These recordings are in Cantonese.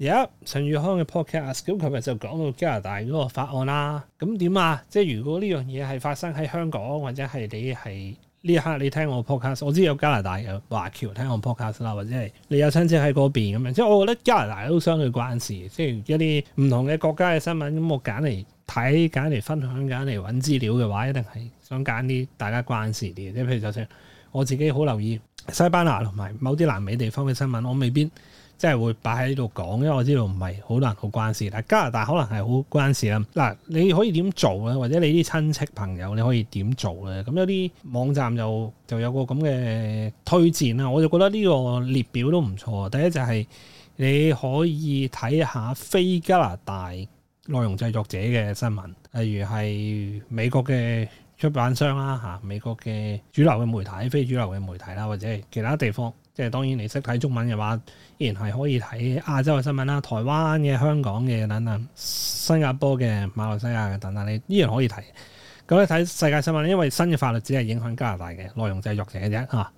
而家陳宇康嘅 podcast 啊，佢琴日就講到加拿大嗰個法案啦。咁點啊？即係如果呢樣嘢係發生喺香港，或者係你係呢一刻你聽我 podcast，我知有加拿大嘅華僑聽我 podcast 啦，或者係你有親戚喺嗰邊咁樣。即係我覺得加拿大都相對關事，即係一啲唔同嘅國家嘅新聞咁，我揀嚟睇、揀嚟分享、揀嚟揾資料嘅話，一定係想揀啲大家關事啲。即係譬如就算我自己好留意西班牙同埋某啲南美地方嘅新聞，我未必。即係會擺喺呢度講，因為我知道唔係好難好關事。但加拿大可能係好關事啦。嗱，你可以點做咧？或者你啲親戚朋友你可以點做咧？咁有啲網站就就有個咁嘅推薦啦。我就覺得呢個列表都唔錯。第一就係你可以睇下非加拿大內容製作者嘅新聞，例如係美國嘅出版商啦、吓美國嘅主流嘅媒體、非主流嘅媒體啦，或者係其他地方。即係當然，你識睇中文嘅話，依然係可以睇亞洲嘅新聞啦，台灣嘅、香港嘅等等，新加坡嘅、馬來西亞嘅等等，你依然可以睇。咁你睇世界新聞，因為新嘅法律只係影響加拿大嘅內容，就係弱剩嘅啫。嚇。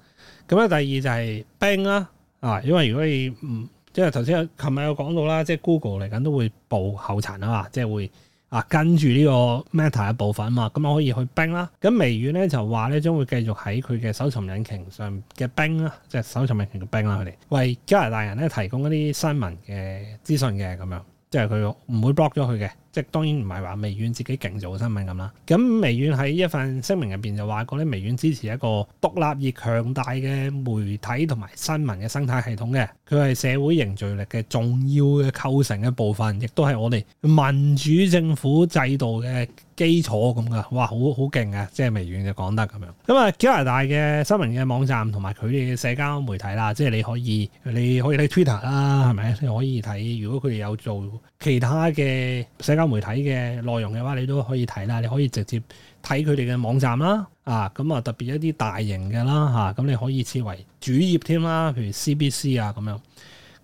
咁咧第二就係冰啦，啊，因為如果你唔，即係頭先我琴日有講到啦，即係 Google 嚟緊都會步後塵啊嘛，即係會。啊，跟住呢個 meta 嘅部分啊嘛，咁我可以去冰啦。咁微軟咧就話咧，將會繼續喺佢嘅搜尋引擎上嘅冰啦，即係搜尋引擎嘅冰啦，佢哋為加拿大人咧提供一啲新聞嘅資訊嘅咁樣，即係佢唔會 block 咗佢嘅。即係當然唔係話微軟自己勁做嘅新聞咁啦，咁微軟喺一份聲明入邊就話過，嗰啲微軟支持一個獨立而強大嘅媒體同埋新聞嘅生態系統嘅，佢係社會凝聚力嘅重要嘅構成嘅部分，亦都係我哋民主政府制度嘅基礎咁噶。哇，好好勁呀，即係微軟就講得咁樣。咁啊，加拿大嘅新聞嘅網站同埋佢哋嘅社交媒體啦，即係你可以你可以睇 Twitter 啦，係咪？你可以睇如果佢哋有做其他嘅社交媒體社交媒體嘅內容嘅話，你都可以睇啦。你可以直接睇佢哋嘅網站啦，啊，咁啊特別一啲大型嘅啦，吓、啊、咁你可以設為主頁添啦，譬如 CBC 啊咁樣。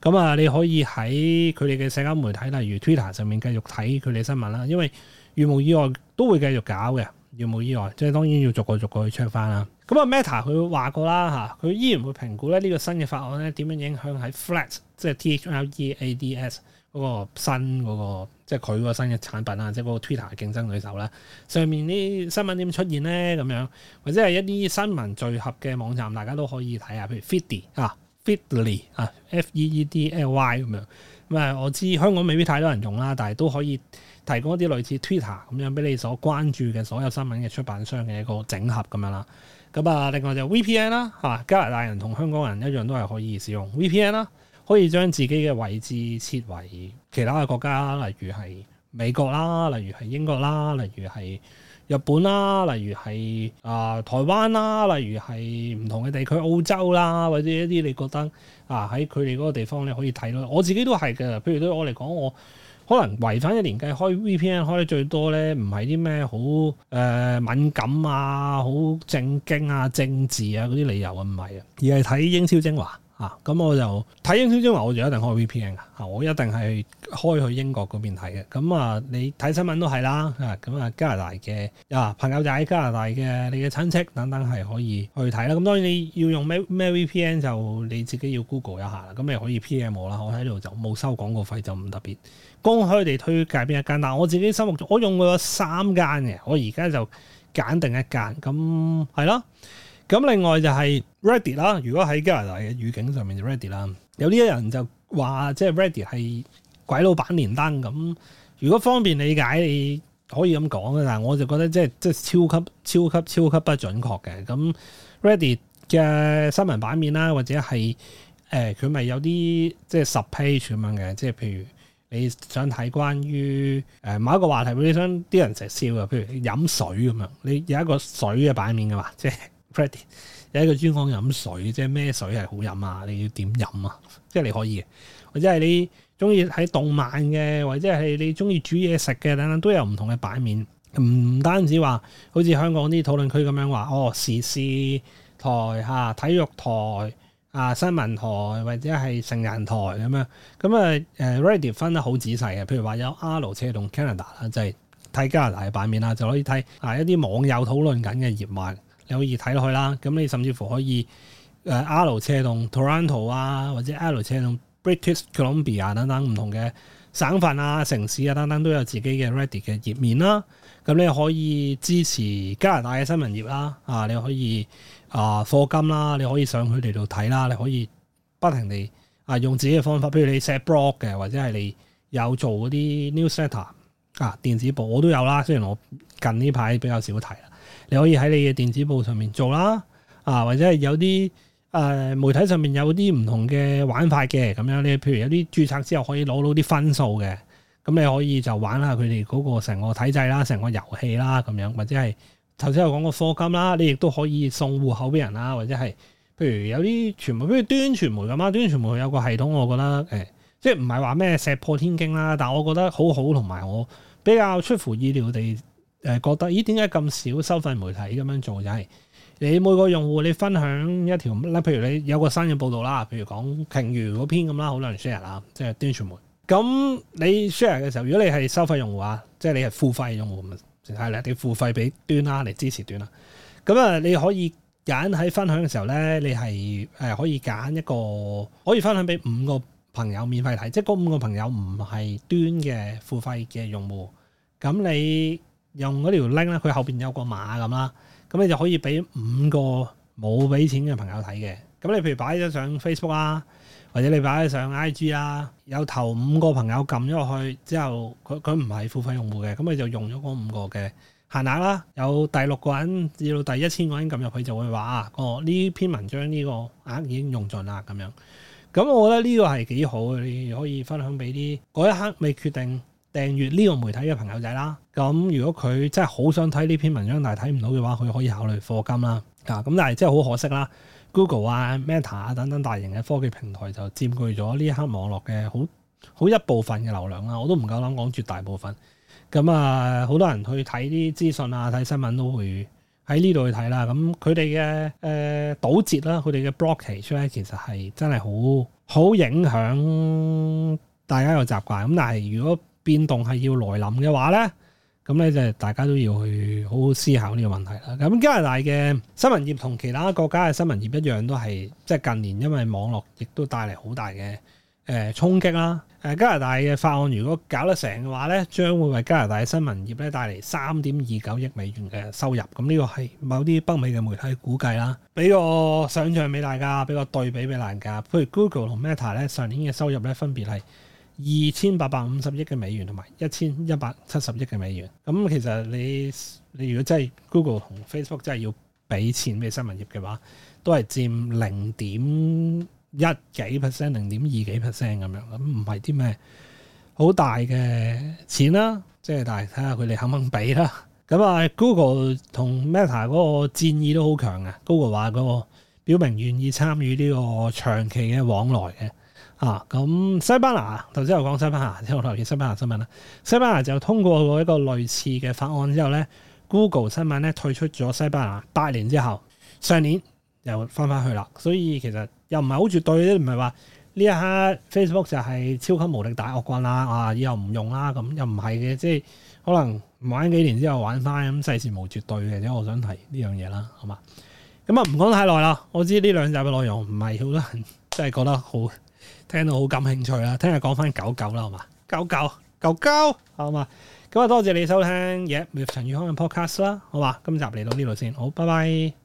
咁啊，你可以喺佢哋嘅社交媒體，例如 Twitter 上面繼續睇佢哋新聞啦。因為如無意外都會繼續搞嘅，如無意外即係當然要逐個逐個去 check 翻啦。咁啊，Meta 佢話過啦，吓佢依然會評估咧呢個新嘅法案咧點樣影響喺 Flat 即係 THL EADS。H L A D S, 嗰個新嗰個即係佢嗰個新嘅產品啊，即係嗰個 Twitter 競爭對手啦。上面啲新聞點出現呢？咁樣，或者係一啲新聞聚合嘅網站，大家都可以睇下，譬如 Feedly 啊，Feedly 啊，F E E D L Y 咁樣。咁啊，我知香港未必太多人用啦，但係都可以提供一啲類似 Twitter 咁樣，俾你所關注嘅所有新聞嘅出版商嘅一個整合咁樣啦。咁啊，另外就 VPN 啦，啊，嚇加拿大人同香港人一樣都係可以使用 VPN 啦。可以將自己嘅位置設為其他嘅國家，例如係美國啦，例如係英國啦，例如係日本啦，例如係啊、呃、台灣啦，例如係唔同嘅地區，澳洲啦，或者一啲你覺得啊喺佢哋嗰個地方你可以睇到。我自己都係嘅，譬如對我嚟講，我可能違反嘅年計開 VPN 開得最多咧，唔係啲咩好誒敏感啊、好正經啊、政治啊嗰啲理由啊，唔係啊，而係睇英超精華。啊，咁我就睇英超英超，我就一定開 VPN 噶，我一定係開去英國嗰邊睇嘅。咁啊，你睇新聞都係啦，咁啊加拿大嘅啊朋友就喺加拿大嘅，你嘅親戚等等係可以去睇啦。咁當然你要用咩咩 VPN 就你自己要 Google 一下啦。咁你可以 PM 我啦，我喺度就冇收廣告費，就唔特別公開地推介邊一間。但我自己心目中，我用過三間嘅，我而家就揀定一間，咁係咯。咁另外就係 Reddit 啦，如果喺加拿大嘅語境上面就 Reddit 啦。有啲人就話即係 Reddit 係鬼佬版連登咁。如果方便理解，你可以咁講嘅，但係我就覺得即係即係超級超級超級不準確嘅。咁 Reddit 嘅新聞版面啦，或者係誒佢咪有啲即係十 page 咁樣嘅，即係譬如你想睇關於誒、呃、某一個話題，你想啲人食笑嘅，譬如飲水咁樣，你有一個水嘅版面嘅嘛，即係。有一個專講飲水，即係咩水係好飲啊？你要點飲啊？即係你可以嘅，或者係你中意睇動漫嘅，或者係你中意煮嘢食嘅，等等都有唔同嘅版面。唔單止話好似香港啲討論區咁樣話，哦時事台嚇、啊、體育台啊、新聞台、啊、新聞台或者係成人台咁樣。咁啊 Reddit 分得好仔細嘅，譬如話有阿拉車同 Canada 就係睇加拿大嘅版面啦，就可以睇啊一啲網友討論緊嘅熱話。你可以睇落去啦，咁你甚至乎可以阿拉、呃、車到 Toronto 啊，或者阿拉、呃、車到 British Columbia 等等唔同嘅省份啊、城市啊等等都有自己嘅 Reddit 嘅頁面啦。咁你可以支持加拿大嘅新聞業啦，啊你可以啊課、呃、金啦，你可以上佢哋度睇啦，你可以不停地啊用自己嘅方法，譬如你 set blog 嘅，或者係你有做嗰啲 newsletter 啊電子報我都有啦。雖然我近呢排比較少睇啦。你可以喺你嘅電子報上面做啦，啊或者係有啲誒、呃、媒體上面有啲唔同嘅玩法嘅咁樣，你譬如有啲註冊之後可以攞到啲分數嘅，咁你可以就玩下佢哋嗰個成個體制啦，成個遊戲啦咁樣，或者係頭先我講個課金啦，你亦都可以送戶口俾人啦，或者係譬如有啲傳媒，譬如端傳媒咁啊，端傳媒有個系統，我覺得誒、哎，即係唔係話咩石破天驚啦，但係我覺得好好同埋我比較出乎意料地。誒覺得，咦？點解咁少收費媒體咁樣做？就係你每個用戶，你分享一條咧，譬如你有個新嘅報道啦，譬如講鯨魚嗰篇咁啦，好多人 share 啊，即係端傳媒。咁你 share 嘅時候，如果你係收費用戶啊，即係你係付費用戶，係你是付費俾端啦嚟支持端啦。咁啊，你可以揀喺分享嘅時候咧，你係誒可以揀一個可以分享俾五個朋友免費睇，即係嗰五個朋友唔係端嘅付費嘅用戶。咁你。用嗰條 link 咧，佢後邊有個碼咁啦，咁你就可以俾五個冇俾錢嘅朋友睇嘅。咁你譬如擺咗上 Facebook 啊，或者你擺咗上 IG 啊，有頭五個朋友撳咗落去之後佢，佢佢唔係付費用戶嘅，咁你就用咗嗰五個嘅限額啦。有第六個人至到第一千個人撳入去就會話：哦，呢篇文章呢個額已經用盡啦。咁樣，咁我覺得呢個係幾好嘅，你可以分享俾啲嗰一刻未決定。訂閱呢個媒體嘅朋友仔啦，咁如果佢真係好想睇呢篇文章，但係睇唔到嘅話，佢可以考慮課金啦。咁、啊、但係真係好可惜啦。Google 啊、Meta 啊等等大型嘅科技平台就佔據咗呢一刻網絡嘅好好一部分嘅流量啦。我都唔夠膽講絕大部分。咁啊，好多人去睇啲資訊啊、睇新聞都會喺呢度去睇啦。咁佢哋嘅誒堵截啦、啊，佢哋嘅 blockage 咧、啊，其實係真係好好影響大家嘅習慣。咁但係如果變動係要來臨嘅話呢，咁咧就大家都要去好好思考呢個問題啦。咁加拿大嘅新聞業同其他國家嘅新聞業一樣，都係即係近年因為網絡亦都帶嚟好大嘅誒衝擊啦。誒加拿大嘅法案如果搞得成嘅話呢，將會為加拿大嘅新聞業咧帶嚟三點二九億美元嘅收入。咁呢個係某啲北美嘅媒體估計啦，俾個想像俾大家，俾個對比俾大家。譬如 Google 同 Meta 咧上年嘅收入咧分別係，二千八百五十億嘅美元同埋一千一百七十億嘅美元，咁其實你你如果真係 Google 同 Facebook 真係要俾錢俾新聞業嘅話，都係佔零點一幾 percent、零點二幾 percent 咁樣，咁唔係啲咩好大嘅錢啦。即係但係睇下佢哋肯唔肯俾啦。咁啊，Google 同 Meta 嗰個戰意都好強嘅，Google 話嗰個表明願意參與呢個長期嘅往來嘅。啊，咁西班牙啊，頭先我講西班牙，即係我留意西班牙新聞啦。西班牙就通過一個類似嘅法案之後咧，Google 新聞咧退出咗西班牙。八年之後，上年又翻翻去啦。所以其實又唔係好絕對咧，唔係話呢一刻 Facebook 就係超級無敵大惡棍啦，啊以後不又唔用啦，咁又唔係嘅，即係可能玩幾年之後玩翻咁，世事無絕對嘅，我想提呢樣嘢啦，好嘛？咁啊唔講太耐啦，我知呢兩集嘅內容唔係好多人。真係覺得好聽到好感興趣啦，聽日講返狗狗啦，好嘛？狗狗、狗狗，好嘛？咁啊，多謝你收聽 Yep 陳宇康嘅 podcast 啦，好嘛？今集嚟到呢度先，好，拜拜。